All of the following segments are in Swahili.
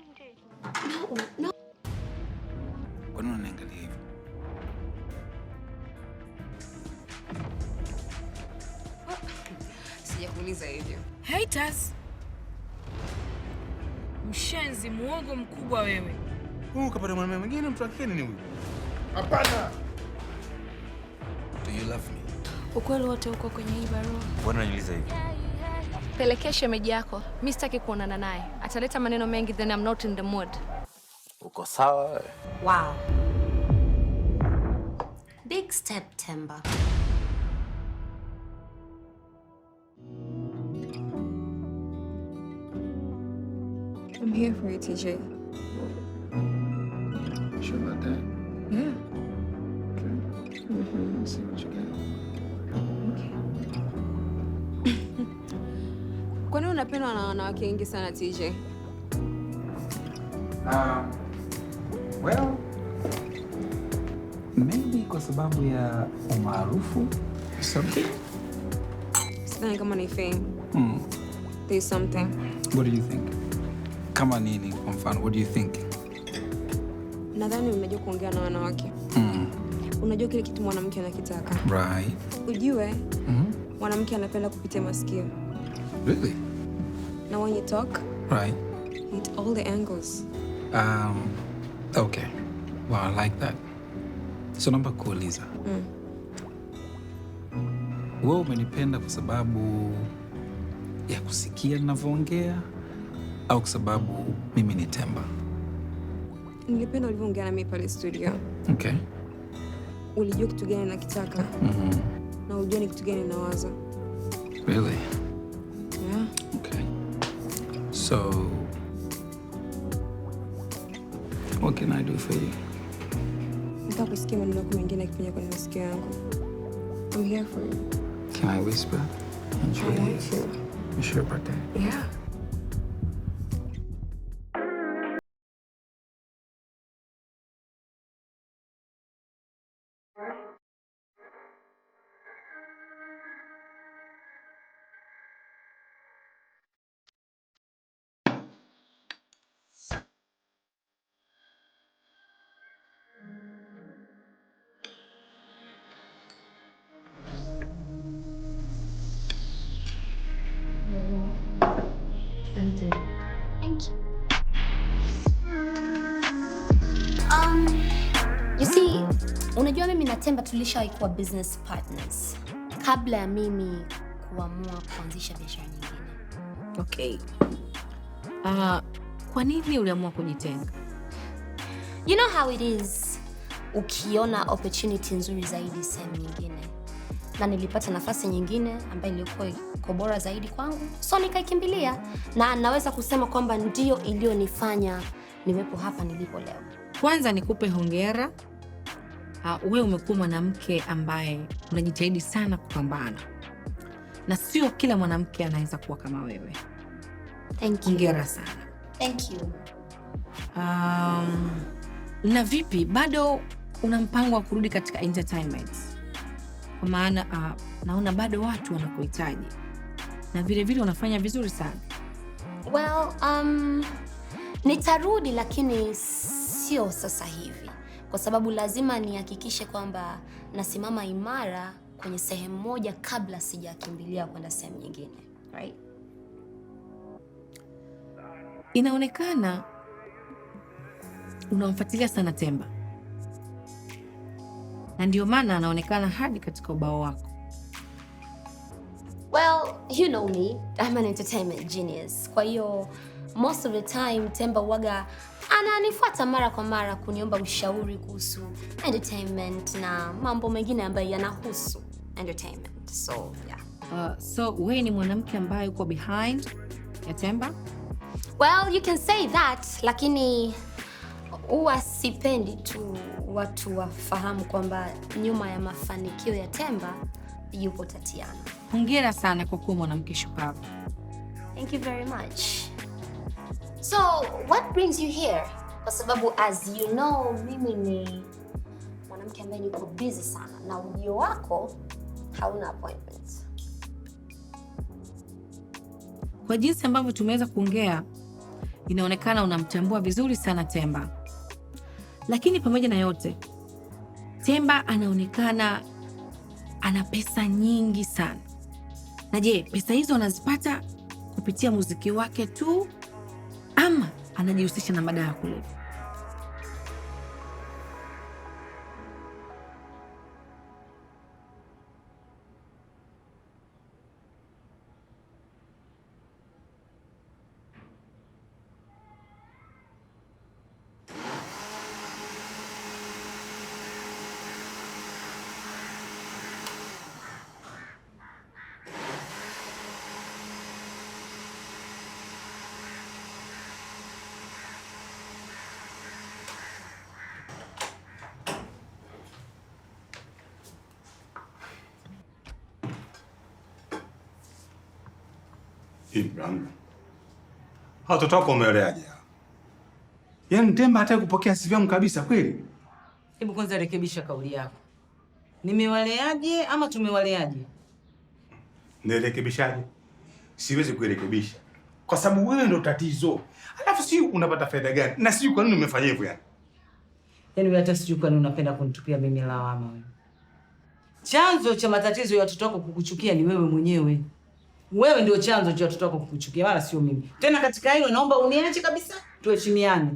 nje. Kwa nini unaangalia hivyo? Sijakuuliza hivyo. Haters. Mshenzi muogo mkubwa wewe. Huu kapata mwanamume mwingine mtu nini huyu? Hapana. Do you love me? Ukweli wote uko kwenye hii barua. unaniuliza hivyo? Pelekea shemeji yako, mi sitaki kuonana naye, ataleta maneno mengi, then I'm not in the mood. Uko sawa? Wow. Big step, Temba. I'm here for you, TJ. Sure about that? Yeah. Okay. Mm-hmm. See what you got. Kwa nini unapendwa na wanawake wengi sana TJ? Uh, um, well, maybe kwa sababu ya umaarufu something. Sidhani kama ni fame. Hmm. There's something. What do you think? Kama nini kwa mfano, what do you think? Nadhani umejua kuongea na wanawake. Mm. Unajua kile kitu mwanamke anakitaka. Right. Ujue, mm -hmm. Mwanamke anapenda kupitia masikio. Really? Now when you talk, Right. hit all the angles. Um, okay. Well, I like that. So number cool, Lisa. Mm. Well, when you umenipenda kwa sababu ya kusikia na vongea, au kwa sababu mimi ni temba? Nilipenda ulivyoongea na mimi pale studio. Okay. Ulijua kitu gani nakitaka Mhm. na ujua ni kitu gani nawaza. Really? Okay. So, what can I do for you? I'm here for you. Can I whisper? Enjoy I want you. You sure about that? Yeah. Unajua mimi na Temba tulishawahi kuwa business partners kabla ya mimi kuamua kuanzisha biashara nyingine. Okay. Uh, kwa nini uliamua kujitenga? You know how it is. Ukiona opportunity nzuri zaidi sehemu nyingine, na nilipata nafasi nyingine ambayo ilikuwa iko bora zaidi kwangu, so nikaikimbilia, na naweza kusema kwamba ndio iliyonifanya niwepo hapa nilipo leo. Kwanza nikupe hongera Ah, wewe umekuwa mwanamke ambaye unajitahidi sana kupambana, na sio kila mwanamke anaweza kuwa kama wewe. Hongera sana. Thank you. Um, na vipi, bado una mpango wa kurudi katika entertainment? Kwa maana uh, naona bado watu wanakuhitaji na vilevile unafanya vizuri sana. Well, um, nitarudi lakini sio sasa hivi kwa sababu lazima nihakikishe kwamba nasimama imara kwenye sehemu moja kabla sijakimbilia kwenda sehemu nyingine, right? Inaonekana unamfuatilia sana Temba, na ndio maana anaonekana hadi katika ubao wako. Well, you know me. I'm an entertainment genius. Kwa hiyo most of the time Temba waga ananifuata mara kwa mara kuniomba ushauri kuhusu entertainment na mambo mengine ambayo yanahusu entertainment. So yeah. Uh, so wewe ni mwanamke ambaye uko behind ya Temba? Well, you can say that, lakini huwa sipendi tu watu wafahamu kwamba nyuma ya mafanikio ya Temba yupo Tatiana. Hongera sana kwa kuwa mwanamke shupavu. Thank you very much. So, what brings you here? Kwa sababu as you know, mimi ni mwanamke ambaye niko busy sana na ujio wako hauna appointment. Kwa jinsi ambavyo tumeweza kuongea, inaonekana unamtambua vizuri sana Temba. Lakini pamoja na yote, Temba anaonekana ana pesa nyingi sana. Na je, pesa hizo anazipata kupitia muziki wake tu ama anajihusisha na madawa ya kulevya. Ibrahim. Watoto wako wameoleaje? Yaani Temba kupokea yangu kabisa kweli? Hebu kwanza rekebisha kauli yako. Nimewaleaje ama tumewaleaje? Nirekebishaje? Siwezi kuirekebisha kwa sababu wewe ndio tatizo. Alafu si unapata faida gani? Na sijui kwa nini umefanya hivyo yani. Yaani wewe hata sijui kwa nini unapenda kunitupia mimi lawama wewe. Chanzo cha matatizo ya watoto wako kukuchukia ni wewe mwenyewe. Wewe ndio chanzo cha watoto wako kukuchukia, wala sio mimi. Tena katika hilo naomba uniache kabisa, tuheshimiane.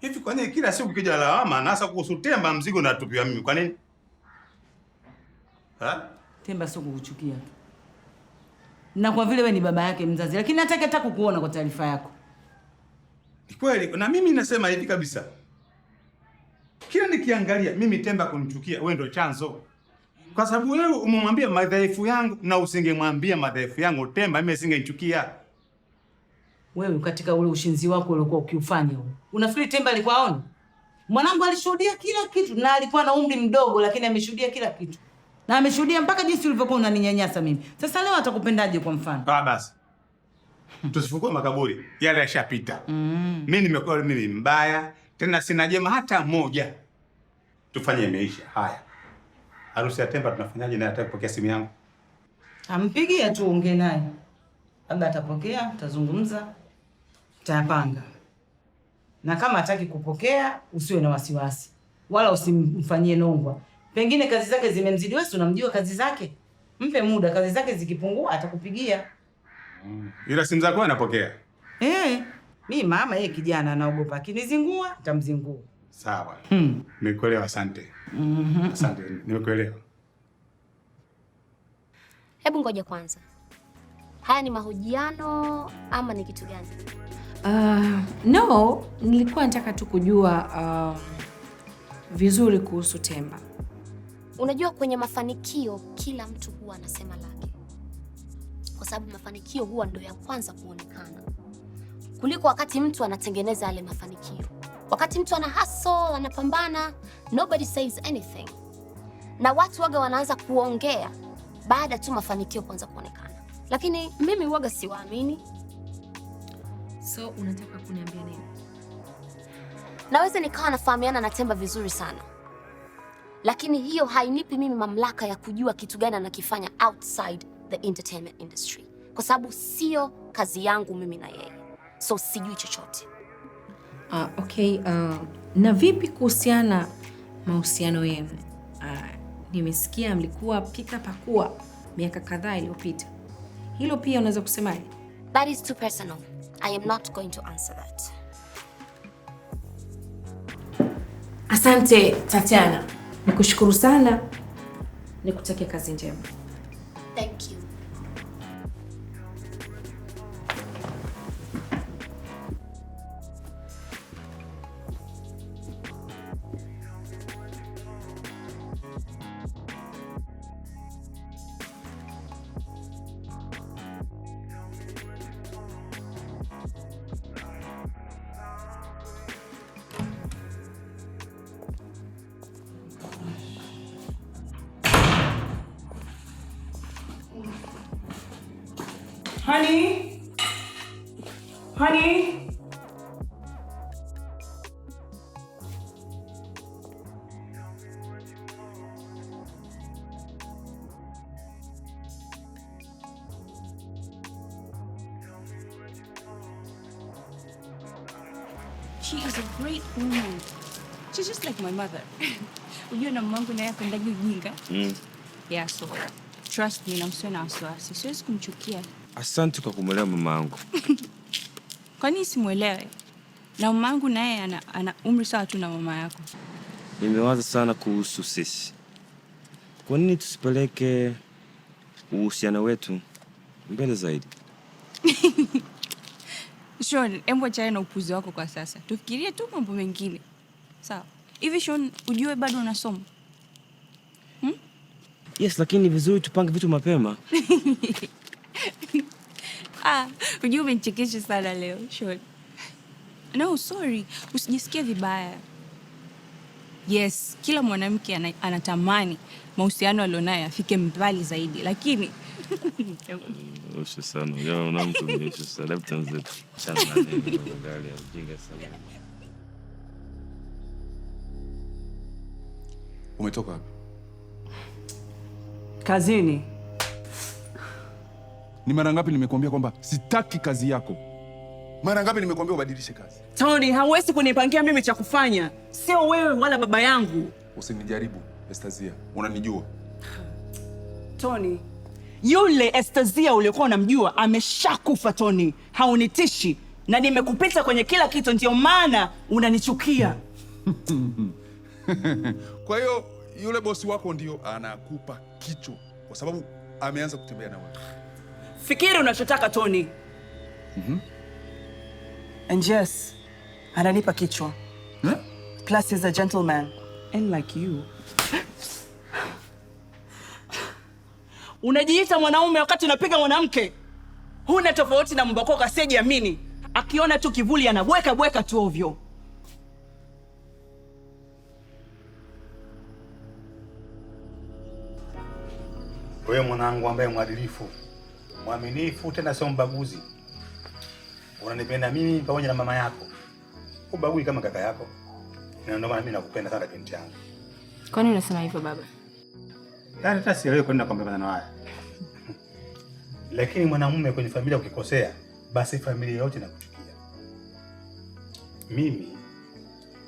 Hivi kwa nini kila siku kija lawama na hasa kuhusu Temba mzigo na tupiwa mimi? Kwa nini? Ha? Temba sio kukuchukia. Na kwa vile wewe ni baba yake mzazi, lakini nataka hata kukuona kwa taarifa yako. Ni kweli, na mimi nasema hivi kabisa. Kila nikiangalia mimi Temba kunichukia, wewe ndio chanzo kwa sababu wewe umemwambia madhaifu yangu, na usingemwambia madhaifu yangu Temba, mimi singenichukia wewe. Katika ule ushinzi wako uliokuwa ukiufanya huo, unafikiri Temba alikuwa aone? Mwanangu alishuhudia kila kitu, na alikuwa na umri mdogo, lakini ameshuhudia kila kitu, na ameshuhudia mpaka jinsi ulivyokuwa unaninyanyasa mimi. Sasa leo atakupendaje? Kwa mfano ah, basi tusifukue makaburi yale, yashapita. Mm. Mimi nimekuwa mimi mbaya tena, sina jema hata moja. Tufanye imeisha haya harusi ya Temba tunafanyaje? Naye ataki kupokea simu yangu, ampigie tu, ongee naye, labda atapokea, tutazungumza, tutayapanga. Na kama hataki kupokea, usiwe na wasiwasi wala usimfanyie nongwa. Pengine kazi zake zimemzidi wewe, unamjua kazi zake. Mpe muda, kazi zake zikipungua atakupigia. Mm. Ila simu zako anapokea. Eh, mi mama, yeye kijana anaogopa, akinizingua tamzingua. Sawa. Mm. Nimekuelewa, asante. Mm -hmm. Asante. Nimekuelewa. Hebu ngoja kwanza. Haya ni mahojiano ama ni kitu gani? Uh, no, nilikuwa nataka tu kujua uh, vizuri kuhusu Temba. Unajua kwenye mafanikio kila mtu huwa anasema lake. Kwa sababu mafanikio huwa ndio ya kwanza kuonekana. Kuliko wakati mtu anatengeneza yale mafanikio. Wakati mtu ana hustle, anapambana, nobody says anything, na watu waga wanaanza kuongea baada tu mafanikio kuanza kuonekana, lakini mimi waga siwaamini. So unataka kuniambia nini? Naweza nikawa nafahamiana na Temba vizuri sana, lakini hiyo hainipi mimi mamlaka ya kujua kitu gani anakifanya outside the entertainment industry, kwa sababu sio kazi yangu mimi na yeye, so sijui chochote. Uh, okay, uh, na vipi kuhusiana mahusiano yenu? Uh, nimesikia mlikuwa pika pakua miaka kadhaa iliyopita, hilo pia unaweza kusema That is too personal. I am not going to answer that. Asante Tatiana, nikushukuru sana, nikutakia kazi njema. Honey? Honey? She is a great woman. She's just like my mother. When you're Yun ang mga kunaya are nagiging ka. Hmm. Yeah, so trust me, I'm nang sunaswa. Si Sus kung chukia. Ah. Asante kwa kumwelewa mamaangu. Kwa nini simwelewe? Na mamaangu naye ana, ana umri sawa tu na mama yako. Nimewaza sana kuhusu sisi. Kwa nini tusipeleke uhusiano wetu mbele zaidi? Sean, embo achana na upuzi wako kwa sasa, tufikirie tu mambo mengine sawa. Hivi Shon, ujue bado unasoma hmm? Yes, lakini vizuri tupange vitu mapema Ah, unajua umenichekesha sana leo Shon. No, sorry, usijisikie vibaya. Yes, kila mwanamke anatamani mahusiano alionayo afike mbali zaidi, lakini umetoka kazini ni mara ngapi nimekuambia kwamba sitaki kazi yako? Mara ngapi nimekuambia ubadilishe kazi? Tony, hauwezi kunipangia mimi cha kufanya, sio wewe wala baba yangu. Usinijaribu Estazia, unanijua Tony. Yule Estazia uliokuwa unamjua ameshakufa Tony, haunitishi na nimekupita kwenye kila kitu, ndio maana unanichukia. Kwa hiyo yule bosi wako ndio anakupa kichwa kwa sababu ameanza kutembea na wewe. Fikiri unachotaka Tony. mm -hmm. And yes, ananipa kichwa huh? Plus he's a gentleman and like you unajiita mwanaume wakati unapiga mwanamke, huna tofauti na mbakoka asiyejiamini, akiona tu kivuli anabweka bweka tu ovyo. Wewe mwanangu ambaye mwadilifu mwaminifu, tena sio mbaguzi. Unanipenda mimi pamoja na mama yako, ubagui kama kaka yako, na ndio maana mimi nakupenda sana binti yangu. Kwa nini unasema hivyo baba? Yaani hata sielewi kwa nini nakwambia maneno haya. Lakini mwanamume kwenye familia ukikosea, basi familia yote inakuchukia. Mimi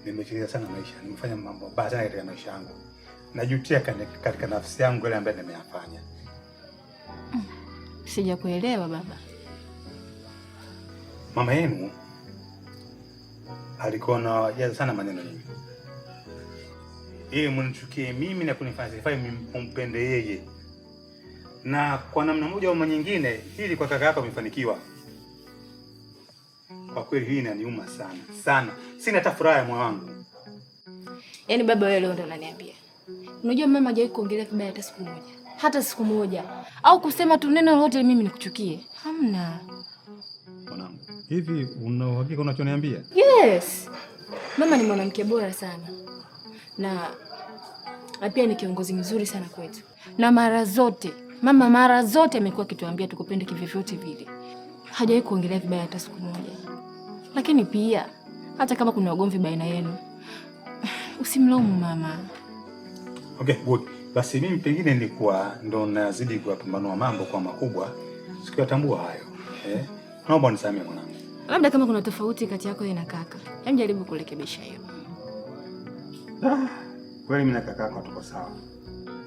nimecheza sana maisha, nimefanya mambo mabaya sana katika maisha yangu, najutia katika nafsi yangu yale ambayo nimeyafanya. Sijakuelewa baba. Mama yenu alikuwa anawajaza sana maneno nyingi, yeye munichukie mimi na kunifanya sifai mpende yeye, na kwa namna moja au nyingine, ili kwa kaka yako amefanikiwa. Kwa kweli hii inaniuma sana sana, sina hata furaha ya moyo wangu. Yaani baba, wewe leo ndo unaniambia. Unajua mama hajawahi kuongelea vibaya hata siku moja hata siku moja, au kusema tu neno lolote mimi nikuchukie, hamna. Mwanangu, hivi una uhakika unachoniambia? Yes, mama ni mwanamke bora sana na pia ni kiongozi mzuri sana kwetu, na mara zote mama, mara zote amekuwa akituambia tukupende kivyovyote vile, hajawahi kuongelea vibaya hata siku moja. Lakini pia hata kama kuna ugomvi baina yenu usimlaumu mama. Okay, good. Basi mimi pengine nilikuwa ndo nazidi kuyapambanua mambo kwa makubwa, sikuyatambua hayo eh. Naomba unisamehe mwanangu, labda kama kuna tofauti kati yako na kaka, hebu jaribu kurekebisha hiyo. Ah, kweli mimi na kaka yako tuko sawa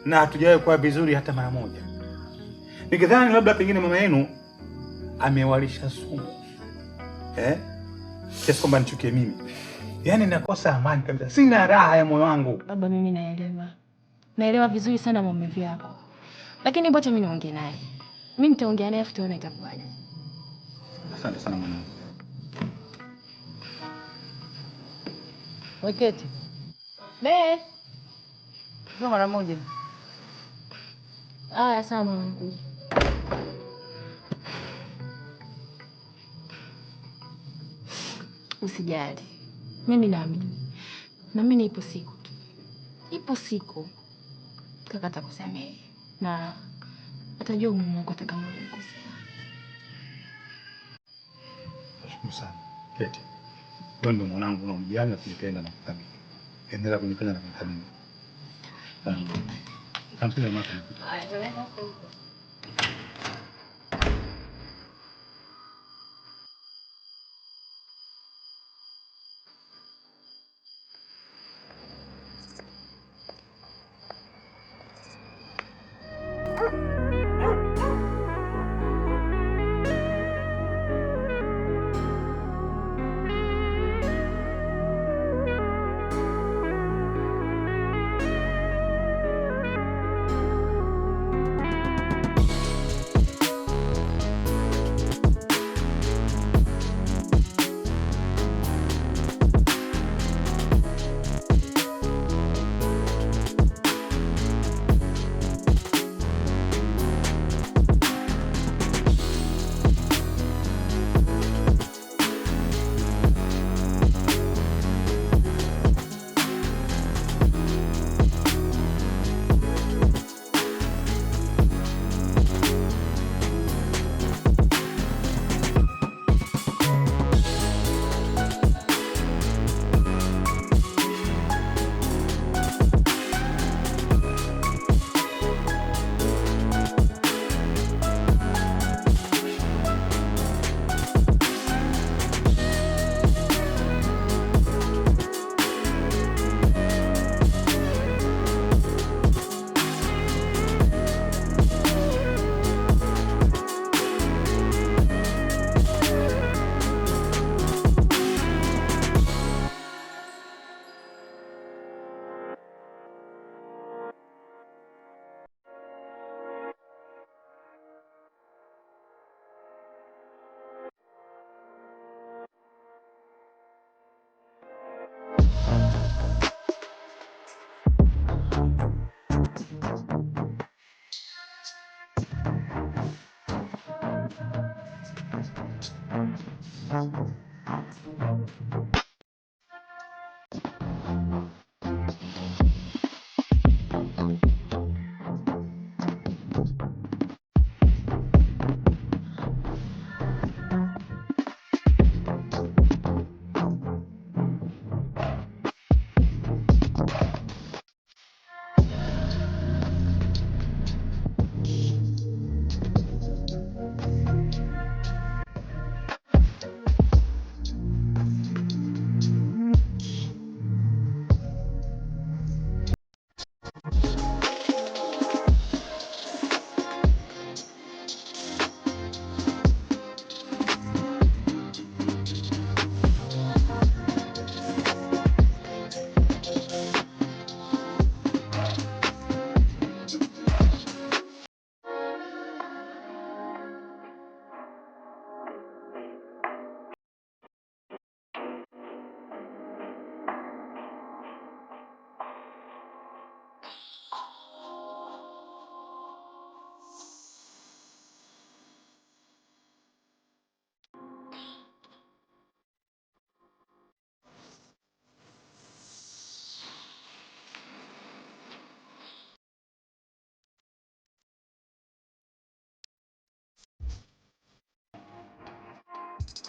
na hatujawahi kuwa vizuri hata mara moja. Nikidhani labda pengine mama yenu amewalisha sumu eh, kiasi kwamba nichukie mimi, yaani nakosa amani kabisa, sina raha ya moyo wangu. Baba, mimi naelewa Naelewa vizuri sana mume yako. Lakini bwacha mimi niongee naye. Mimi nitaongea naye afu tuone itakuwaje. Asante sana mwanangu. Weketi. Be. Ndio mara moja. Aya, sawa mwanangu. Usijali. Mimi naamini. Na mimi ipo siku tu. Ipo siku kaka atakusamehe na atajua umuhimu wako hata kama ulimkosea. Nashukuru sana Keti, wewe ndio mwanangu na mjane na kunipenda na kuthamini. Endelea kunipenda na kuthamini. Asante. Asante.